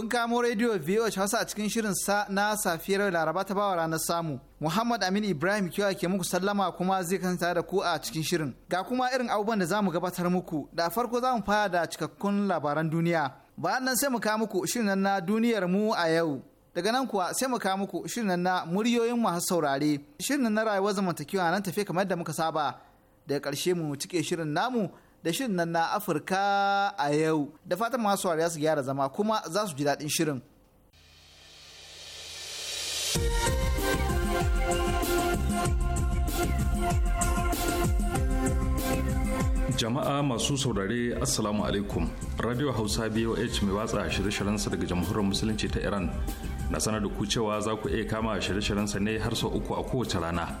Kun kamo rediyo VOH Hausa a cikin shirin sa na safiyar Laraba ta bawa ranar samu. Muhammad Amin Ibrahim kiwa ke muku sallama kuma zai kanta da ku a cikin shirin. Ga kuma irin abubuwan da zamu gabatar muku. Da farko za mu fara da cikakkun labaran duniya. Bayan nan sai mu kawo muku shirin na duniyar mu a yau. Daga nan kuwa sai mu kawo muku shirin na muryoyin masu saurare. Shirin na rayuwar zamantakewa nan tafe kamar da muka saba. Daga ƙarshe mu cike shirin namu da shirin nan na Afirka a yau. Da fatan masu wariya su gyara zama kuma za su ji daɗin shirin. Jama'a masu saurare Assalamu alaikum. Radio Hausa BOH mai watsa shirye-shiryensa daga Jamhuriyar Musulunci ta Iran na sanar da ku cewa za ku iya kama shirye-shiryensa ne har sau uku a kowace rana.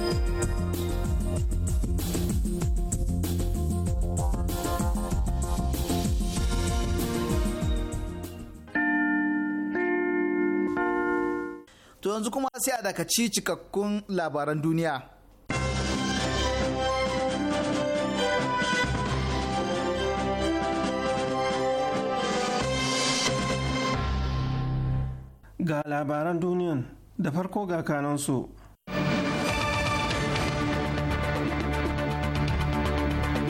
to yanzu kuma sai a dakaci cikakkun labaran duniya ga labaran duniyan da farko ga kanansu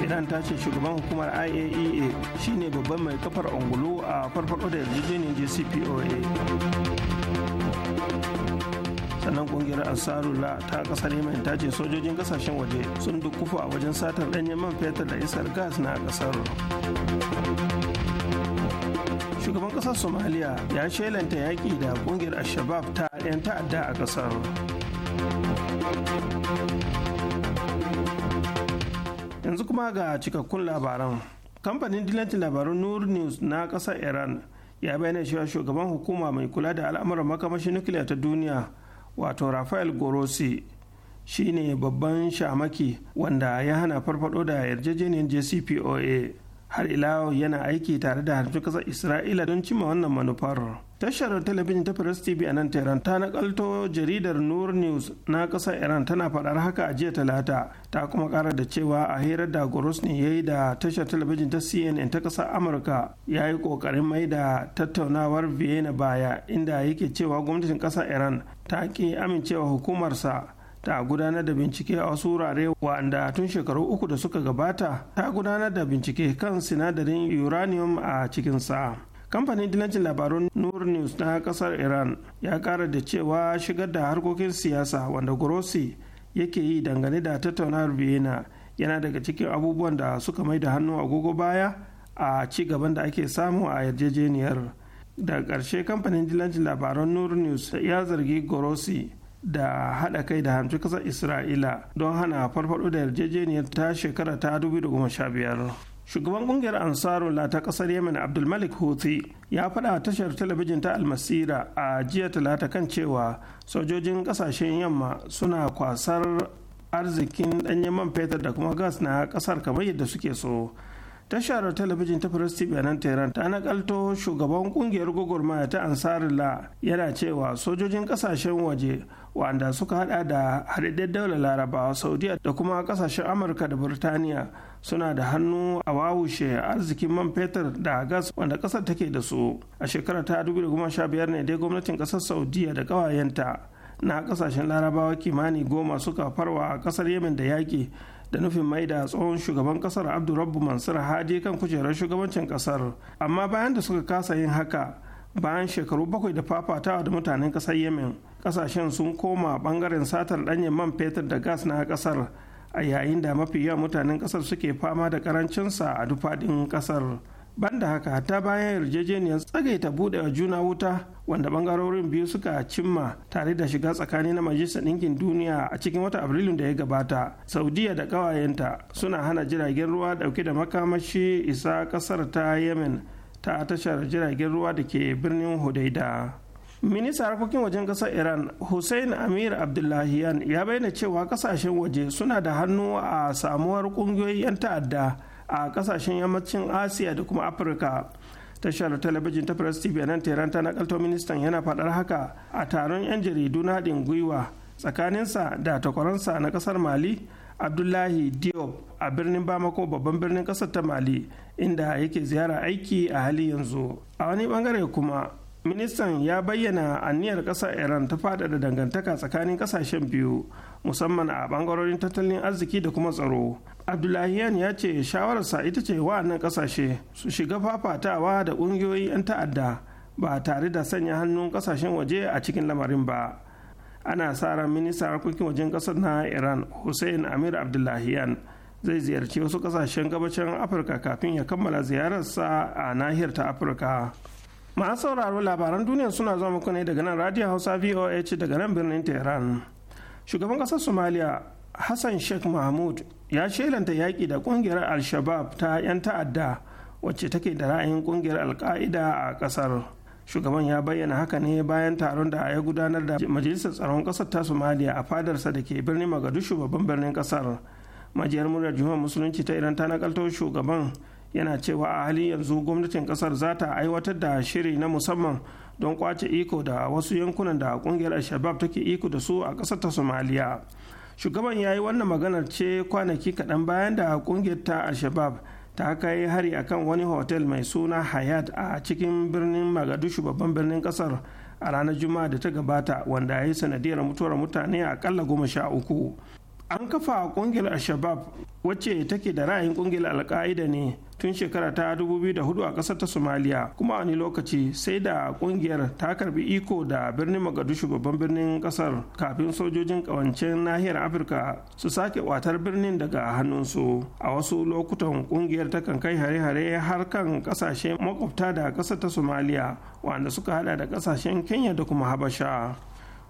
iran ta ce shugaban hukumar iaea e shine babban mai kafar ungulu a farfado da yarjejeniyar jcpoa sannan kungiyar ansarula ta kasar yemen ta ce sojojin kasashen waje sun dukufa a wajen satar danyen man fetur da isar gas na kasar shugaban kasar somaliya ya shelanta yaƙi da kungiyar al ta 'yan ta'adda a kasar yanzu kuma ga cikakkun labaran kamfanin dilanci labarun nur news na kasar iran ya bayyana cewa shugaban hukuma mai kula da al'amuran makamashin nukiliya ta duniya wato rafael gorosi shine babban shamaki wanda ya hana farfado da yarjejeniyar jcpoa har ila yana aiki tare da harfi kasar isra'ila don cimma wannan manufar tashar talabijin ta press tv a nan tehran ta nakalto jaridar nur news na kasar iran tana faɗar haka a jiya talata ta kuma ƙara da cewa a hirar da ne ya yi da tashar talabijin ta cnn ta kasar amurka ya yi ƙoƙarin mai da tattaunawar vienna baya inda yake cewa gwamnatin kasar iran ta ƙi amincewa hukumarsa ta gudanar da bincike a wasu wurare wanda tun shekaru uku da suka gabata ta gudanar da bincike kan sinadarin uranium a cikinsa. kamfanin dilancin labarun nur news na kasar iran ya kara da cewa shigar da harkokin siyasa wanda grossi yake yi dangane da tattaunawar vienna yana daga cikin abubuwan da suka mai da hannu agogo baya a ci gaban da ake samu a yarjejeniyar da ƙarshe kamfanin dilancin labaran nur news ya zargi grossi da haɗa kai da hamci ƙasar isra'ila don hana farfaɗo da yarjejeniyar ta shekara ta 2015 shugaban kungiyar ansarullah ta kasar yemen abdulmalik houthi ya faɗa tashar talabijin ta almasira a jiya talata kan cewa sojojin kasashen yamma suna kwasar arzikin ɗanyen man fetur da kuma gas na kasar kamar yadda suke so tashar talabijin ta firisti tv tehran ta nakalto shugaban kungiyar gwagwarmaya ta ansarila yana cewa sojojin kasashen waje wanda suka hada da haɗaɗɗen daular larabawa saudiya da kuma kasashen amurka da burtaniya suna da hannu a wawushe arzikin man fetur da gas wanda kasar take da su a shekarar ta 2015 ne dai gwamnatin kasar saudiya da kawayenta na kasashen larabawa kimani goma suka farwa a kasar yemen da yaƙi da nufin mai da tsohon shugaban kasar abdurrabbu mansur hadi kan kujerar shugabancin kasar amma bayan da suka kasa yin haka bayan shekaru bakwai da fafatawa da mutanen kasar yemen kasashen sun koma bangaren satar danyen man fetur da gas na kasar a yayin da mafi yawan mutanen kasar suke fama da karancinsa a duk faɗin kasar banda haka ta bayan yarjejeniyar tsagaita buɗe juna wuta wanda bangarorin biyu suka cimma tare da shiga tsakani na majalisar ɗinkin duniya a cikin wata abrilun da ya gabata saudiya da ƙawayenta suna hana jiragen ruwa ɗauke da makamashi isa ƙasar ta yemen ta tashar jiragen ruwa da ke birnin hudaida Minista harkokin wajen kasar iran hussein amir abdullahiyan ya bayyana cewa kasashen waje suna da hannu a samuwar kungiyoyin 'yan ta'adda a kasashen yammacin asiya da kuma afirka tashar talabijin ta press tv nan tehran ta nakalto ministan yana faɗar haka a taron 'yan jaridu na haɗin gwiwa tsakaninsa da takwaransa na kasar mali abdullahi diop a birnin bamako babban birnin kasar ta mali inda yake ziyara aiki a hali yanzu a wani bangare kuma ministan ya bayyana aniyar ƙasar iran ta faɗaɗa dangantaka tsakanin ƙasashen biyu musamman a ɓangarorin tattalin arziki da kuma tsaro abdullahiyan ya ce shawararsa ita ce wa'annan ƙasashe su shiga fafatawa da ƙungiyoyin 'yan ta'adda ba tare da sanya hannun ƙasashen waje a cikin lamarin ba ana sa ran ministan harkokin wajen ƙasar na iran hussein amir abdullahiyan zai ziyarci wasu ƙasashen gabashin afirka kafin ya kammala ziyararsa a nahiyar ta afirka masu sauraro labaran duniya suna zuwa muku ne daga nan radio hausa voh daga nan birnin tehran shugaban ƙasar somalia hassan sheikh mahmud ya shelanta yaƙi da ƙungiyar al-shabab ta 'yan ta'adda wacce take da ra'ayin ƙungiyar al a ƙasar shugaban ya bayyana haka ne bayan taron da ya gudanar da majalisar tsaron ƙasar ta somaliya a fadarsa da ke birnin magadishu babban birnin ƙasar majiyar muryar jihar musulunci ta iran ta nakalto shugaban yana cewa a halin yanzu gwamnatin kasar za ta aiwatar da shiri na musamman don kwace iko da wasu yankunan da kungiyar al-shabab take iko da su a kasar ta somaliya shugaban ya yi wannan maganar ce kwanaki kaɗan bayan da kungiyar ta al-shabab ta kai hari akan wani hotel mai suna hayat a cikin birnin magadushu babban birnin kasar a ranar juma'a da ta gabata wanda ya yi sanadiyar mutuwar mutane akalla goma sha uku an kafa kungiyar al-shabab wacce take da ra'ayin kungiyar al-qaida ne tun shekara ta 2004 a kasar ta somaliya kuma wani lokaci sai da kungiyar ta karbi iko da birnin magadu babban birnin kasar kafin sojojin kawancen nahiyar afirka su sake watar birnin daga hannunsu a wasu lokutan kungiyar ta kan kai hare-hare har kan kasashe makwabta da kasar ta somaliya wanda suka hada da kasashen kenya da kuma habasha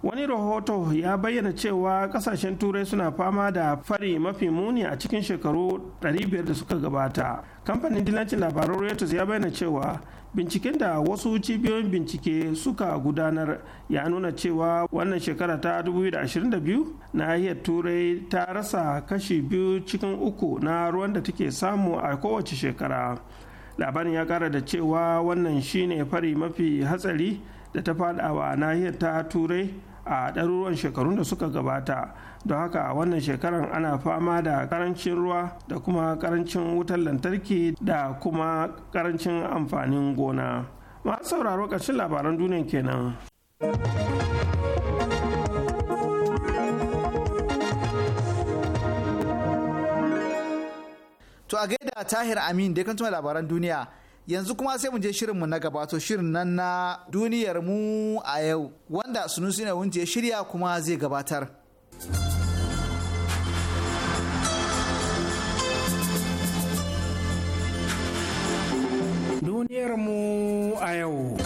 wani rahoto ya bayyana cewa kasashen turai suna fama da fari mafi muni a cikin shekaru 500 da suka gabata kamfanin dilancin labarun reuters ya bayyana cewa binciken da wasu cibiyoyin bincike suka gudanar ya nuna cewa wannan shekara ta 2022 nahiyar turai ta rasa kashi biyu cikin uku na ruwan da take samu a kowace shekara labarin ya kara da cewa wannan shine fari mafi hatsari da ta fadawa nahiyar ta turai a ɗaruruwan shekarun da suka gabata don haka a wannan shekaran ana fama da karancin ruwa da kuma karancin wutar lantarki da kuma karancin amfanin gona masu sauraro ƙarshen labaran duniya kenan to a gaida tahir amin da kan labaran duniya yanzu kuma sai mu je shirinmu na gaba to shirin nan na duniyar mu a yau wanda sunusi na wunce shirya kuma zai gabatar duniyar mu a yau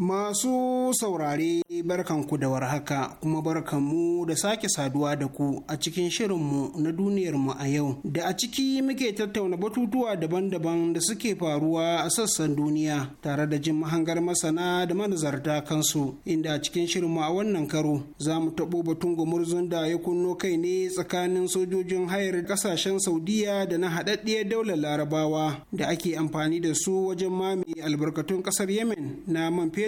Masu saurare barkanku da warhaka kuma barkanmu da sake saduwa da ku a cikin shirinmu na duniyarmu a yau da a ciki muke tattauna batutuwa daban-daban da suke faruwa a sassan duniya tare da jin mahangar masana da manazarta kansu inda a cikin shirinmu a wannan karo za mu taɓo batun gumurzun da ya kunno kai ne tsakanin sojojin hayar kasashen saudiya da na haɗaɗɗiyar daular larabawa da ake amfani da su wajen mamaye albarkatun ƙasar yemen na man fetur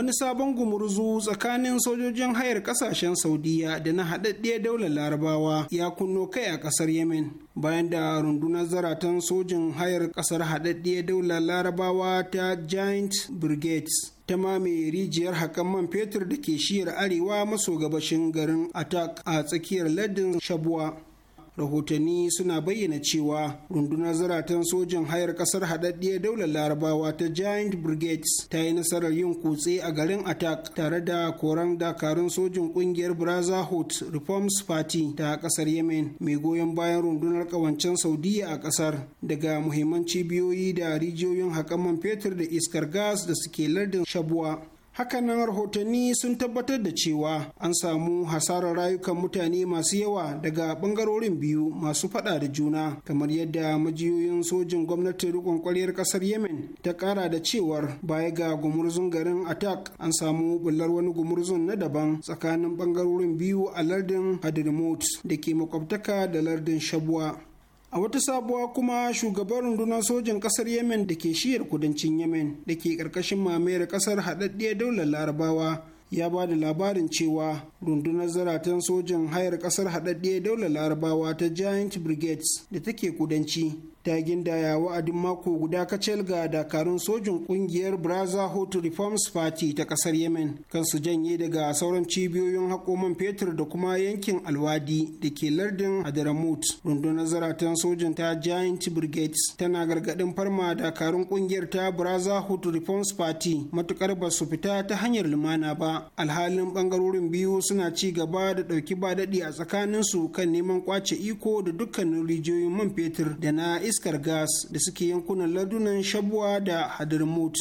wani sabon gumurzu tsakanin sojojin hayar kasashen saudiya da na haɗaɗɗiyar daular larabawa ya kunno kai a ƙasar yemen bayan da rundunar zaratan sojin hayar ƙasar haɗaɗɗiyar daular larabawa ta giant brigades ta mame rijiyar hakan man fetur da ke shiyar arewa maso gabashin garin atak a tsakiyar lardin shabuwa rahotanni suna bayyana cewa rundunar zaratan sojin hayar kasar haɗaɗɗiyar daular larabawa ta giant brigades ta yi nasarar yin kutse a garin attack tare da koran dakarun sojin ƙungiyar brotherhood reforms party ta ƙasar yemen mai goyon bayan rundunar ƙawancen saudiya a ƙasar daga muhimman cibiyoyi da rijiyoyin haƙaman fetur da iskar gas da suke lardin shabuwa Hakanan rahotanni sun tabbatar da cewa an samu hasarar rayukan mutane masu yawa daga bangarorin biyu masu fada da juna kamar yadda majiyoyin sojin gwamnatin rikon kwaliyar kasar Yemen ta kara da cewar baya ga gumurzun garin Atak an samu bullar wani gumurzun na daban tsakanin bangarorin biyu a lardin Hadramaut da ke makwabtaka da lardin Shabwa. a wata sabuwa kuma shugaban rundunar sojin kasar yemen da ke shiyar kudancin yemen da ke karkashin mamayar kasar haɗaɗɗiyar daular larabawa ya ba da labarin cewa rundunar zaratan sojin hayar kasar haɗaɗɗiyar daular larabawa ta giant brigades da take kudanci ta ya wa'adin mako guda kacal ga dakarun sojin kungiyar brotherhood reforms party ta kasar yemen kan su janye daga sauran cibiyoyin hakoman fetur da kuma yankin alwadi da ke lardin hadramut rundunar zaratan sojin ta giant brigades tana gargadin farma dakarun kungiyar ta brotherhood reforms party matukar ba su fita ta hanyar lumana ba alhalin bangarorin biyu suna ci gaba da dauki ba daɗi a tsakaninsu kan neman kwace iko da dukkanin rijiyoyin man fetur da na iskar gas da suke yankunan ladunan shabuwa da hadramaut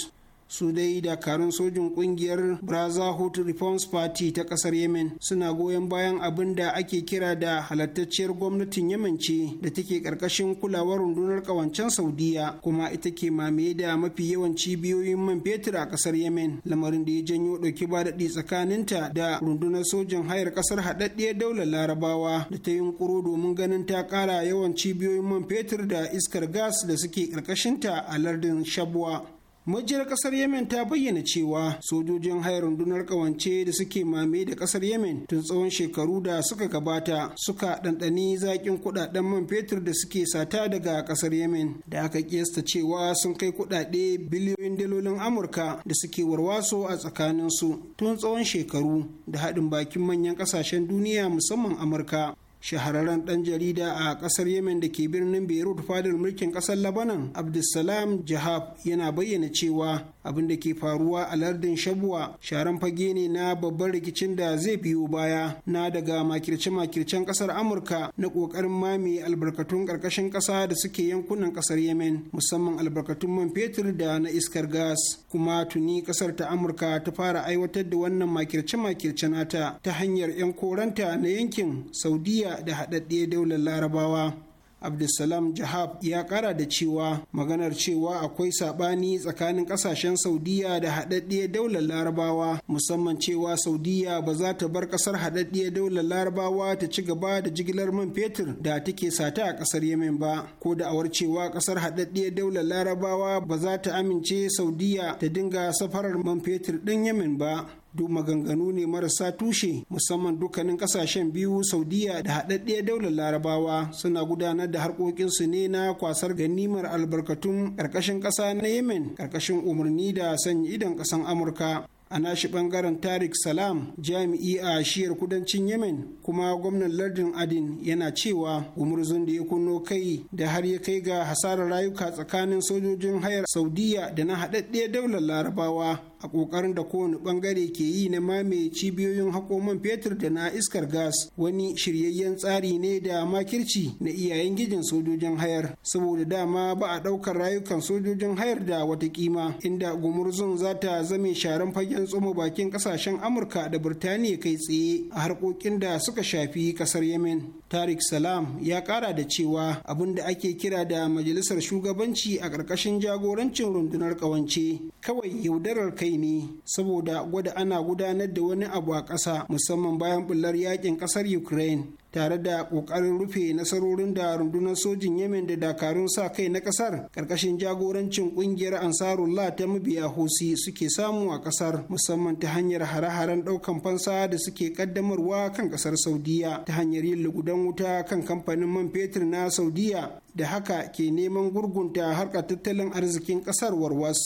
su dai dakarun sojin kungiyar brotherhood reforms party ta kasar yemen suna goyon bayan abin da ake kira da halattacciyar gwamnatin yemen ce da take karkashin kulawar rundunar kawancen saudiya kuma ita ke mamaye da mafi yawan cibiyoyin man fetur a kasar yemen lamarin da ya janyo ɗauki ba daɗi tsakaninta da rundunar sojin hayar kasar haɗaɗɗiyar daular larabawa da ta yunkuro domin ganin ta ƙara yawan cibiyoyin man fetur da iskar gas da suke karkashinta a lardin shabwa majiyar kasar yemen ta bayyana cewa sojojin hayar rundunar kawance da suke mame da kasar yemen tun tsawon shekaru da suka gabata suka ɗanɗani zaƙin kuɗaɗen man fetur da suke sata daga kasar yemen da aka kiyasta cewa sun kai kuɗaɗe biliyoyin dalolin amurka da suke warwaso a tsakaninsu tun tsawon shekaru da haɗin bakin manyan ƙasashen duniya musamman amurka shahararren ɗan jarida a ƙasar yemen da ke birnin beirut fadar mulkin ƙasar labanan abdulsalam jahab yana bayyana cewa abin da ke faruwa a lardin shabuwa sharan fage ne na babban rikicin da zai biyo baya na daga makirce-makircen ƙasar amurka na ƙoƙarin mame albarkatun ƙarƙashin ƙasa da suke yankunan ƙasar yemen musamman albarkatun man fetur da na iskar gas kuma tuni ƙasar ta amurka ta fara aiwatar da wannan makirce-makirce nata ta hanyar 'yan koranta na yankin saudiya da haɗaɗɗiyar daular larabawa abdulsalam jahab ya kara da cewa maganar cewa akwai sabani tsakanin kasashen saudiya da haɗaɗɗiyar daular larabawa musamman cewa saudiya ba za ta bar ƙasar haɗaɗɗiyar daular larabawa ta ci gaba da jigilar man fetur da take sata a ƙasar yemen ba ko da awar cewa ƙasar haɗaɗɗiyar daular larabawa ba za ta amince saudiya ta dinga safarar man fetur ɗin yemen ba duk maganganu ne marasa tushe musamman dukkanin kasashen biyu saudiya da haɗaɗɗiyar daular larabawa suna gudanar da harkokinsu ne na kwasar ganimar albarkatun ƙarƙashin ƙasa na yemen ƙarƙashin umarni da sanya idon ƙasan amurka a nashi bangaren tarik salam jami'i a shiyar kudancin yemen kuma gwamnan lardin adin yana cewa gumurzun da ya kunno kai da har ya kai ga hasarar rayuka tsakanin sojojin hayar saudiya da na haɗaɗɗe daular larabawa a ƙoƙarin da kowane ɓangare ke yi na mamaye cibiyoyin hakoman fetur da na iskar gas wani shiryayyen tsari ne da makirci na iyayen gijin sojojin hayar saboda dama ba a ɗaukar rayukan sojojin hayar da wata kima inda gumurzun za ta zame sharan fagen tsoma bakin ƙasashen amurka da birtaniya kai tsaye a harkokin da suka shafi ƙasar yemen tarik salam ya ƙara da cewa abin da ake kira da majalisar shugabanci a ƙarƙashin jagorancin rundunar ƙawance kawai yaudarar kai kai ne saboda gwada ana gudanar da wani abu a ƙasa musamman bayan bullar yakin ƙasar ukraine tare da ƙoƙarin rufe nasarorin da rundunar sojin yemen da dakarun sa kai na ƙasar ƙarƙashin jagorancin ƙungiyar ansarullah ta mabiya hosi suke samu a ƙasar musamman ta hanyar hare-haren ɗaukan fansa da suke ƙaddamarwa kan ƙasar saudiya ta hanyar yin lugudan wuta kan kamfanin man fetur na saudiya da haka ke neman gurgunta harkar tattalin arzikin ƙasar warwas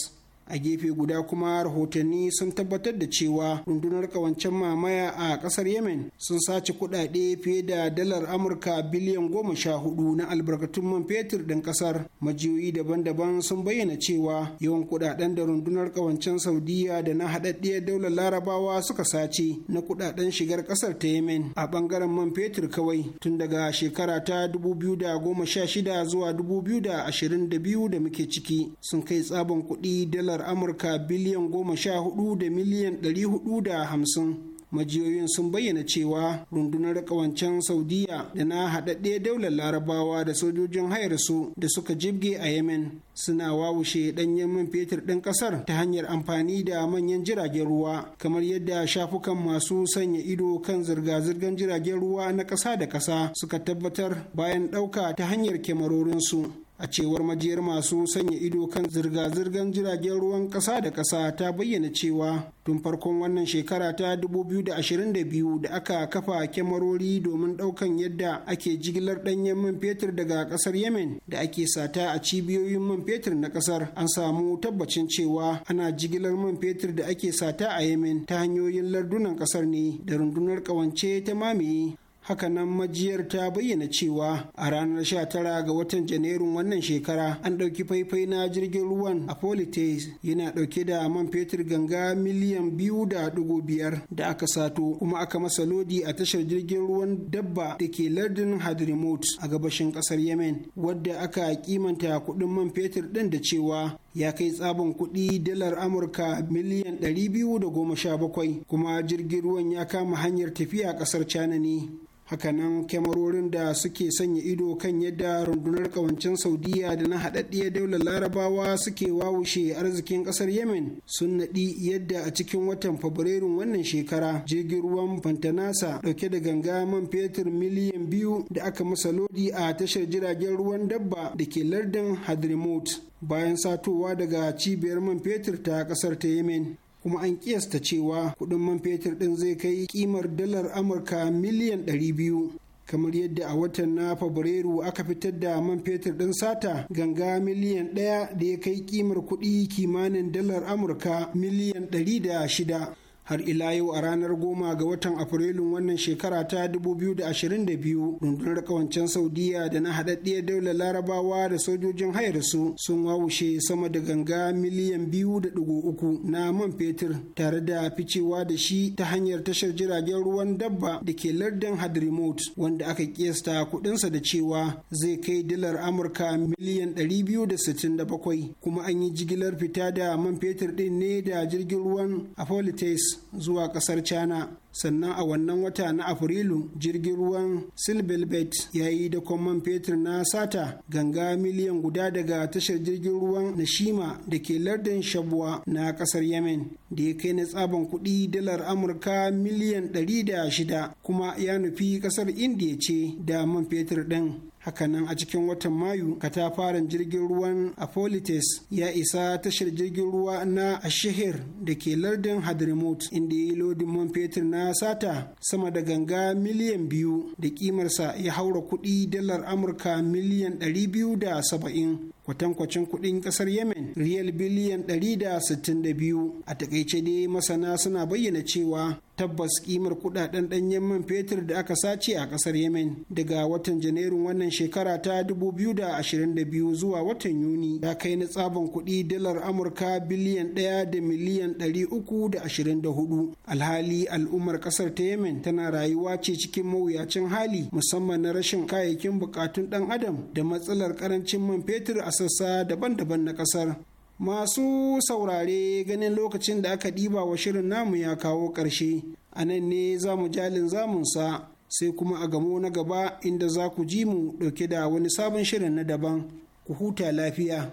a gefe guda kuma rahotanni sun tabbatar da cewa rundunar kawancen mamaya a kasar yemen sun sace kudade fiye da dalar amurka biliyan goma sha hudu na albarkatun man fetur ɗin kasar majiyoyi daban-daban sun bayyana cewa yawan kudaden da rundunar kawancen saudiya da na haɗaɗɗiyar daular larabawa suka sace na kudaden shigar kasar ta yemen a ɓangaren man fetur kawai tun daga shekara ta 2016 zuwa 2022 da muke ciki sun kai tsabon kuɗi dalar dalar amurka biliyan goma sha hudu da miliyan ɗari hudu da hamsin majiyoyin sun bayyana cewa rundunar kawancen saudiya da na haɗaɗɗe daular larabawa da sojojin hayar su da suka jibge a yemen suna wawushe ɗanyen man fetur ɗin ƙasar ta hanyar amfani da manyan jiragen ruwa kamar yadda shafukan masu sanya ido kan zirga-zirgar jiragen ruwa na ƙasa da ƙasa suka tabbatar bayan ɗauka ta hanyar kyamarorinsu. a cewar majiyar masu sanya ido kan zirga-zirgar jiragen ruwan ƙasa da ƙasa ta bayyana cewa tun farkon wannan shekara ta 2022 da aka kafa kyamarori domin ɗaukan yadda ake jigilar ɗanyen man fetur daga ƙasar yemen da ake sata a cibiyoyin man fetur na ƙasar an samu tabbacin cewa ana jigilar man fetur da ake sata a yemen ta hanyoyin lardunan ƙasar ne da rundunar ƙawance ta mamaye hakanan majiyar ta bayyana cewa a ranar 19 ga watan janairun wannan shekara an ɗauki faifai na jirgin ruwan a apolites yana ɗauke da man fetur ganga miliyan biyu da dugu biyar da aka sato kuma aka masa lodi a tashar jirgin ruwan dabba da ke lardin hadrimot a gabashin ƙasar yemen wadda aka kimanta kuɗin man fetur ɗin da cewa ya kai tsabon kuɗi dalar amurka miliyan 217 kuma jirgin ruwan ya kama hanyar tafiya ƙasar china ne hakanan kyamarorin da suke sanya ido kan yadda rundunar kawancin saudiya da na haɗaɗɗiyar daular larabawa suke wawushe arzikin ƙasar yemen sun naɗi yadda a cikin watan Fabrairu wannan shekara jirgin ruwan fantanasa ɗauke da ganga man fetur miliyan biyu da aka masa lodi a tashar jiragen ruwan dabba da ke lardin hadrimot bayan satowa daga cibiyar man fetur ta ƙasar ta yemen kuma an kiyasta cewa kuɗin man fetur ɗin zai kai kimar dalar amurka miliyan 200 kamar yadda a watan na fabrairu aka fitar da man fetur ɗin sata ganga miliyan ɗaya da ya kai kimar kuɗi kimanin dalar amurka miliyan ɗari da shida har ila yau a ranar goma ga watan afrilun wannan shekara ta 2022 rundunar kawancen saudiya da na haɗaɗɗiyar daula larabawa da sojojin hayar su sun wawushe sama da ganga miliyan biyu da uku na man fetur tare da ficewa da shi ta hanyar tashar jiragen ruwan dabba da ke lardin hadrimot wanda aka kiyasta kuɗinsa da cewa zai kai dalar amurka miliyan 267 kuma an yi jigilar fita da man fetur ɗin ne da jirgin ruwan apolites zuwa kasar china sannan a wannan wata na afrilu jirgin ruwan silbilbet ya yi da kwamman fetur na sata ganga miliyan guda daga tashar jirgin ruwan nashima da ke lardin shabuwa na kasar yamen da ya kai na tsaban kudi dalar amurka miliyan 106 kuma ya nufi kasar indiya ce da man fetur din. hakanan a cikin watan mayu katafaren jirgin ruwan apolites ya isa tashar jirgin ruwa na ashehir da ke lardin hadrimot inda ya yi lodin man fetur na na sata sama da ganga miliyan biyu da kimarsa ya haura kuɗi dalar amurka miliyan 270 kwatankwacin kuɗin ƙasar yemen riyal biliyan 162 a takaice dai masana suna bayyana cewa tabbas kimar kudaden ɗanyen man fetur da aka sace a ƙasar yemen daga watan janairun wannan shekara ta 2022 zuwa watan yuni ya kai na tsabon kuɗi dalar amurka biliyan ɗaya da miliyan 324 alhali al'ummar ƙasar ta yemen tana rayuwa ce cikin mawuyacin hali musamman na rashin kayayyakin bukatun dan adam da matsalar ƙarancin man fetur a sassa daban-daban na kasar Masu saurare ganin lokacin da aka ɗiba wa shirin namu ya kawo ƙarshe, a nan ne za mu jalin zamunsa sai kuma a gamo na gaba inda za ku ji mu ɗauke da wani sabon shirin na daban, ku huta lafiya.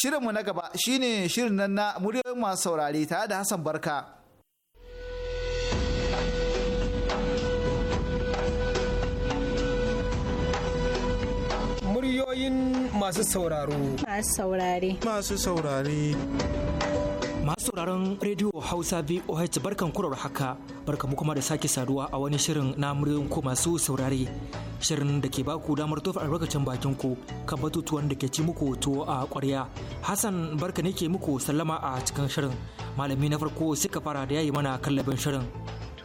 Shirinmu na gaba shine shirin nan na muryoyin masu saurare tare da Hassan Barka. Muryoyin masu sauraro. Masu saurare. Masu saurare. Masu sauraron Radio Hausa VOH barkan kurar haka barka mu kuma da sake saduwa a wani shirin na muryoyin ku masu saurare shirin da ke baku damar tofa albarkacin bakin ku kan batutuwan da ke ci muku tuwo a kwarya Hassan barka ne ke muku sallama a cikin shirin. Malami na farko suka fara da yayi mana kallabin shirin.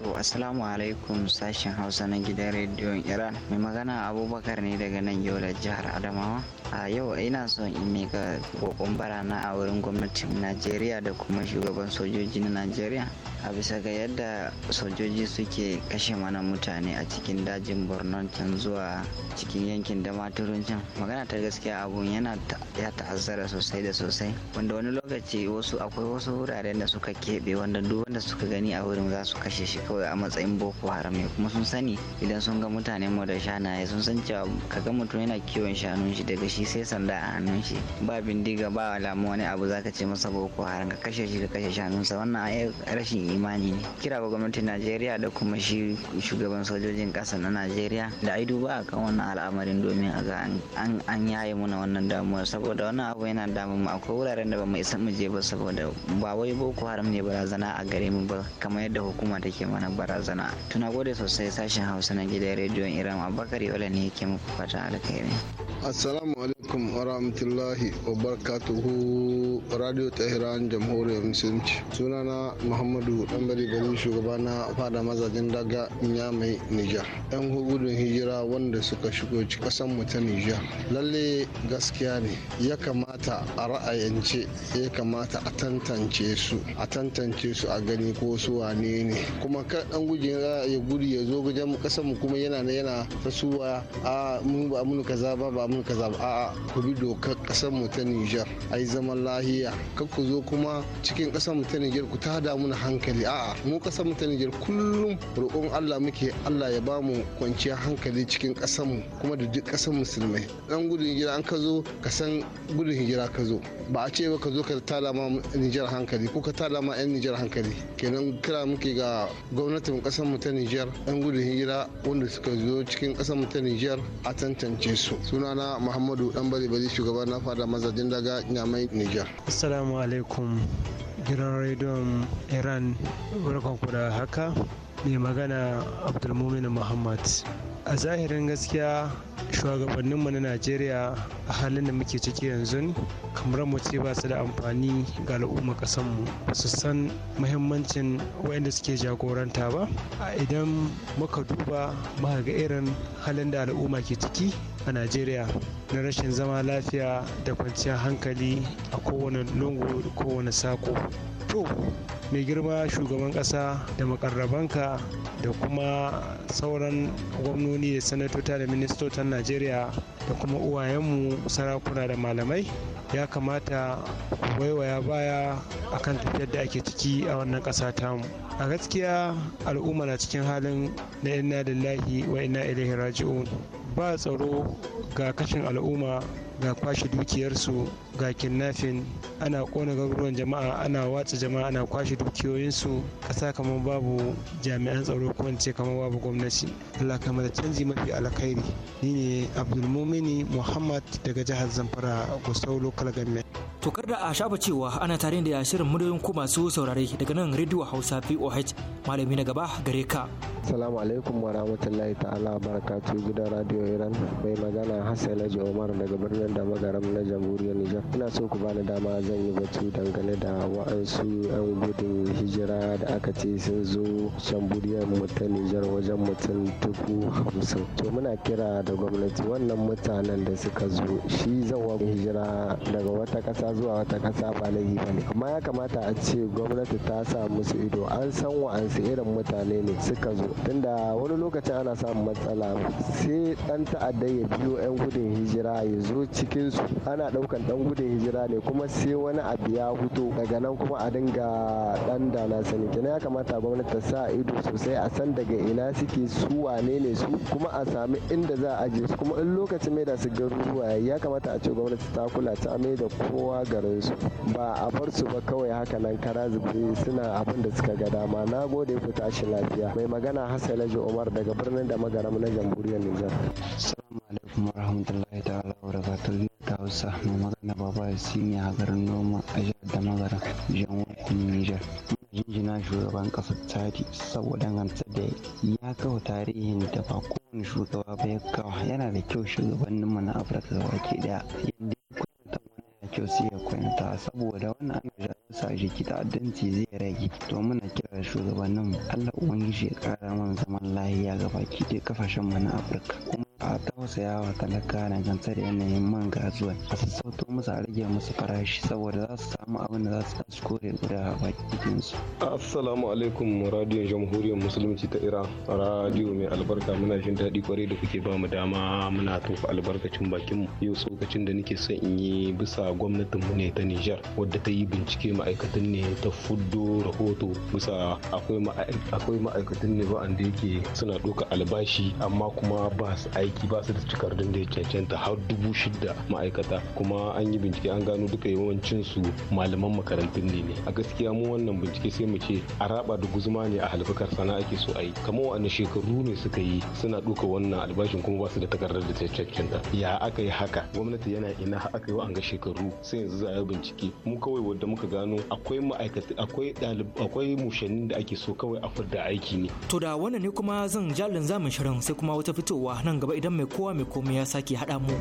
To assalamu alaikum sashen Hausa na gidan rediyon Iran. Mai magana Abubakar ne daga nan yau da jihar Adamawa. A yau ina son in ga kokon barana a wurin gwamnatin Najeriya da kuma shugaban sojoji na Najeriya. A bisa ga yadda sojoji suke kashe mana mutane a cikin dajin Borno can zuwa cikin yankin da maturuncin Magana ta gaskiya abun yana ya ta'azzara sosai da sosai. Wanda wani lokaci wasu akwai wasu wuraren da suka keɓe wanda duk wanda suka gani a wurin za su kashe shi kawai a matsayin boko haram ne kuma sun sani idan sun ga mutanen mu da shanaye sun san cewa ka kaga mutum yana kiwon shanun shi daga shi sai sanda a hannun shi ba bindiga ba alamu wani abu zaka ce masa boko haram ka kashe shi ka kashe shanunsa wannan rashin imani ne kira ga gwamnatin najeriya da kuma shi shugaban sojojin ƙasa na najeriya da ai duba akan wannan al'amarin domin a ga an yaye muna wannan damuwa saboda wannan abu yana damun mu akwai wuraren da ba mu isa mu je ba saboda ba wai boko haram ne barazana a gare mu ba kamar yadda hukuma take wannan barazana tuna gode sosai sashen hausa na gidan rediyon iran abubakar yola ne yake muku fata alkhairi assalamu alaikum wa rahmatullahi wa barakatuhu radio tehran jamhuriyar musulunci sunana muhammadu dambari bari shugaba na fada mazajin daga nyamai nijar yan gudun hijira wanda suka shigo kasan mu ta nijar lalle gaskiya ne ya kamata a ra'ayance ya kamata a tantance su a tantance su a gani ko su wane ne kuma kan dan gujin ya gudu ya zo gujen kasan mu kuma yana yana rasuwa a mun ba mun kaza ba ba mun kaza ba a'a ku bi dokar kasan mu ta Niger ai zaman lahiya kar ku zo kuma cikin kasan mu ta Niger ku tada mun hankali a'a mu kasan mu ta Niger kullum roƙon Allah muke Allah ya bamu kwanciyar hankali cikin kasan mu kuma da duk kasan musulmai dan gudun hijira an ka zo ka san gudun hijira ka zo ba a ce ba ka zo ka tada ma Niger hankali ko ka tada ma yan Niger hankali kenan kira muke ga gwamnatin kasar mu ta Nijar yan gudu hijira wanda suka zo cikin kasar mu ta Nijar a tantance su sunana Muhammadu dan bari bari shugaban na fada mazajin daga Nyamai Nijar assalamu alaikum gidan rediyon iran barkanku da haka mai magana abdulmumin muhammad a zahirin gaskiya shugabanninmu na najeriya a halin da muke ciki yanzu kamar mu ce ba su da amfani ga al'umma kasanmu ba su san muhimmancin wainda suke jagoranta ba a idan muka duba muka ga irin halin da al'umma ke ciki a najeriya na rashin zama lafiya da kwanciyar hankali a kowane lungu da kowane sako to mai girma shugaban ƙasa da makarrabanka da kuma sauran gwamnoni da sanatota da ministotan najeriya da kuma uwayenmu sarakuna da malamai ya kamata ku waiwaya baya akan tafiyar da ake ciki a wannan ƙasa tamu a gaskiya al'umma na cikin halin na inna lillahi wa inna ilaihi raji'un ba tsaro ga kashin al'umma ga kwashe dukiyarsu ga kidnapping ana kona garuruwan jama'a ana watsa jama'a ana kwashe dukiyoyinsu sa kamar babu jami'an tsaro ko ce kamar babu gwamnati Allah kama da canji mafi alkhairi ni ne Abdulmumini Muhammad daga jihar Zamfara Gusau Local Government to da a shafa cewa ana tare da shirin muryoyin ku masu saurare daga nan rediyo Hausa VOH malami na gaba gare ka Assalamu alaikum wa rahmatullahi ta'ala barakatu gidan Radio Iran mai magana Hassan Laji Omar daga birnin da magaram na jamhuriyar Nijar. ina so ku bani dama zan yi batu dangane da wa'ansu 'yan gudun hijira da aka ce sun zo shamburiyar mu ta nijar wajen mutum dubu hamsin to muna kira da gwamnati wannan mutanen da suka zo shi zawa hijira daga wata ƙasa zuwa wata ƙasa ba laifi ba ne amma ya kamata a ce gwamnati ta sa musu ido an san wa'ansu irin mutane ne suka zo tunda wani lokacin ana samun matsala sai dan ta'adda ya biyo 'yan gudun hijira ya zo cikinsu ana ɗaukan dan da hijira ne kuma sai wani abu ya hutu daga nan kuma a dinga dan da na sani kenan ya kamata gwamnati ta sa ido sosai a san daga ina suke su wane ne su kuma a sami inda za a ajiye su kuma in lokacin mai da su garuruwa ya kamata a ce gwamnati ta kula ta mai da kowa garin su ba a bar su ba kawai haka nan kara zube suna abin da suka ga dama na gode ku tashi lafiya mai magana hassan laji umar daga birnin da magaram na jamhuriyar nijar assalamu alaikum warahmatullahi ta'ala Hausa mai magana baba ya a garin noma a jihar da magara jamhuriyar Nijar. jinjina shugaban kasar Chadi saboda hantar da ya kawo tarihin da ba kowane shugaba ba ya kawo yana da kyau shugabannin shugabanninmu na Afirka ga ke daya yadda kyau sai ya kwanta saboda wannan ana sa shi ta'addanci zai rage to muna kira shugabannin Allah ubangiji ya kara mana zaman lahiya ga baki dai kafashen mu na Afirka kuma a tausaya wa talaka dangance da yanayin man gazuwa a sassauto musu a rage musu farashi saboda za su samu abin da za su tashi kore guda bakin su. assalamu alaikum radio jamhuriyar musulunci ta iran radio mai albarka muna jin daɗi kwarai da kuke ba mu dama muna tofa albarkacin bakin mu yau tsokacin da nake son in yi bisa gwamnatin mu ne ta nijar wadda ta yi bincike ma'aikatan ne ta fuddo rahoto bisa akwai ma'aikatan ne ba'an da yake suna ɗauka albashi amma kuma ba su aiki ba su da cikardun da ya cancanta har dubu shida ma'aikata kuma an yi bincike an gano duka yawancin su malaman makarantun ne ne a gaskiya mu wannan bincike sai mu ce a raba da guzuma ne a halbukar sana ake so a yi kamar wani shekaru ne suka yi suna ɗauka wannan albashin kuma ba su da takardar da ta cancanta ya aka yi haka gwamnati yana ina aka yi wa shekaru sai yanzu za a yi bincike mu kawai wanda muka gano akwai ma'aikata akwai akwai mushanin da ake so kawai a fadda aiki ne to da wannan ne kuma zan jalin zamin shirin sai kuma wata fitowa nan gaba idan mai kowa mai komai ya sake haɗa mu.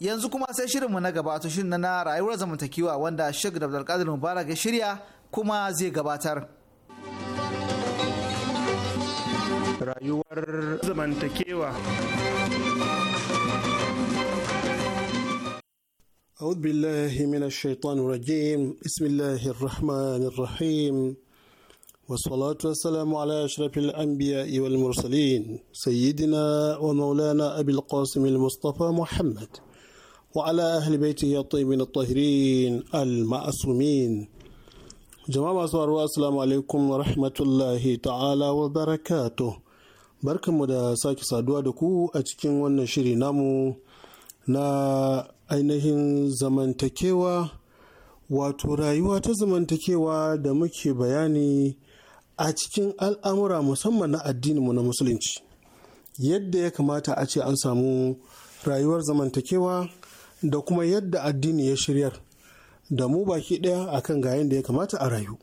yanzu kuma sai shirinmu na gaba to shirin na rayuwar zamantakewa wanda Sheikh da Abdulkadir Mubarak ya shirya kuma zai gabatar. Rayuwar zamantakewa أعوذ بالله من الشيطان الرجيم بسم الله الرحمن الرحيم والصلاة والسلام على أشرف الأنبياء والمرسلين سيدنا ومولانا أبي القاسم المصطفى محمد وعلى أهل بيته الطيبين الطاهرين المعصومين جماعة صور السلام عليكم ورحمة الله تعالى وبركاته بركة مدى sake saduwa da ku a cikin na ainihin zamantakewa wato rayuwa ta zamantakewa da muke bayani a cikin al'amura musamman na addininmu na musulunci yadda ya kamata a ce an samu rayuwar zamantakewa da kuma yadda addini ya shiryar da mu baki ɗaya a kan ga yadda ya kamata a rayu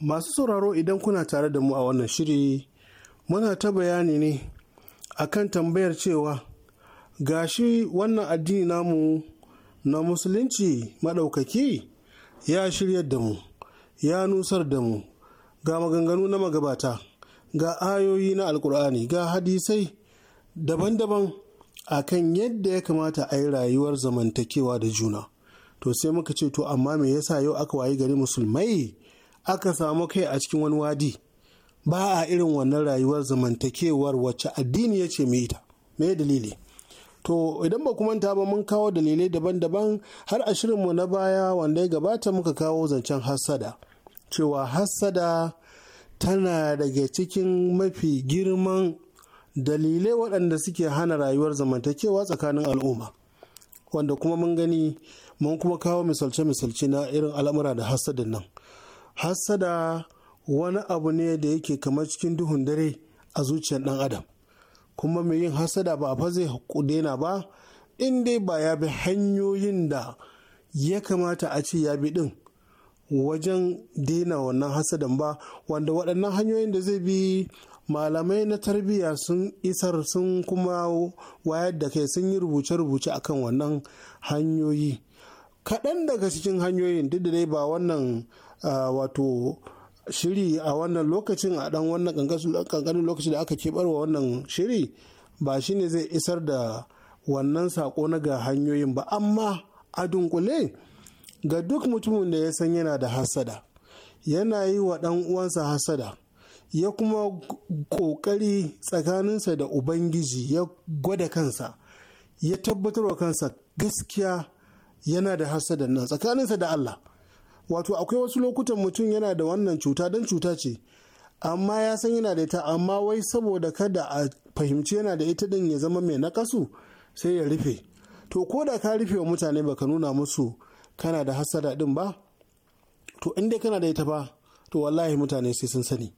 masu sauraro idan kuna tare da mu a wannan shiri muna ta bayani ne akan tambayar cewa gashi wannan addini namu na musulunci maɗaukaki ya shirya da mu ya nusar da mu ga maganganu na magabata ga ayoyi na alkur'ani ga hadisai daban-daban a kan yadda ya kamata a yi rayuwar zamantakewa da juna to sai muka ce to amma me yasa yau aka wayi gari musulmai aka samu kai a cikin wani wadi ba a irin wannan rayuwar zamantakewar wacce addini ya ce mai ita me dalili to idan ba manta ba mun kawo dalilai daban-daban har a mu na baya wanda ya gabata muka kawo zancen hassada cewa hassada tana daga cikin mafi girman dalilai waɗanda suke hana rayuwar zamantakewa tsakanin al'umma wanda kuma mun gani mun kuma kawo misalce-misalce na irin al'amura da hassadin nan hassada wani abu ne da yake kamar cikin duhun dare a zuciyar ɗan adam kuma mai yin hasada ba fa zai daina ba in dai ba ya bi hanyoyin da ya kamata a ce ya bi din wajen daina wannan hasadan ba wanda waɗannan hanyoyin da zai bi malamai na tarbiyya sun isar sun kuma wayar da kai sun yi rubuce-rubuce akan wannan hanyoyi kaɗan daga cikin hanyoyin duk da dai ba wannan ah, wato shiri a wannan lokacin a dan wannan kankanin lokaci da aka keɓarwa wannan shiri ba shine zai isar da wannan sako na ga hanyoyin ba amma a dunkule ga duk mutumin da ya san yana da hasada yana yi wa ɗan uwansa hasada ya kuma ƙoƙari tsakaninsa da ubangiji ya gwada kansa ya tabbatar wa kansa gaskiya yana da hasada nan tsakaninsa da Allah wato akwai wasu lokutan mutum yana da wannan cuta don cuta ce amma ya san yana da ita amma wai saboda kada a fahimci yana da ita din ya zama mai nakasu sai ya rufe to ko da ka rufe wa mutane baka nuna musu kana da hasada din ba to inda kana da ita ba to wallahi mutane sai sun sani